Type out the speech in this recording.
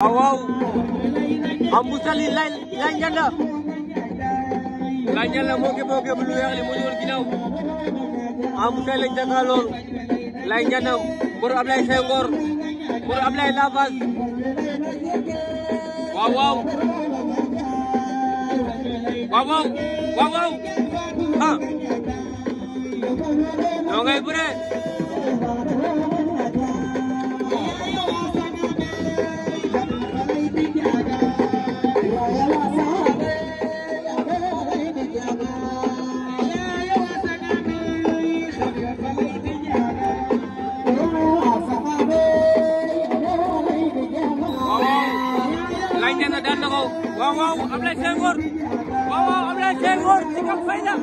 Ah, waaw Abou Saly lay lay njanda lay njanda moo ngi boog lu weex li mu ñëwoon ginnaaw Abou Saly lañ jàkkaarlool lay njanda mbër Ablaye Senghor mbër Ablaye Lavas waaw waaw waaw waaw waaw waaw ah ñoo ngay bëre nee na daan na ko waaw waaw Ablaye Senghor waaw waaw Ablaye Senghor Sicap Fayda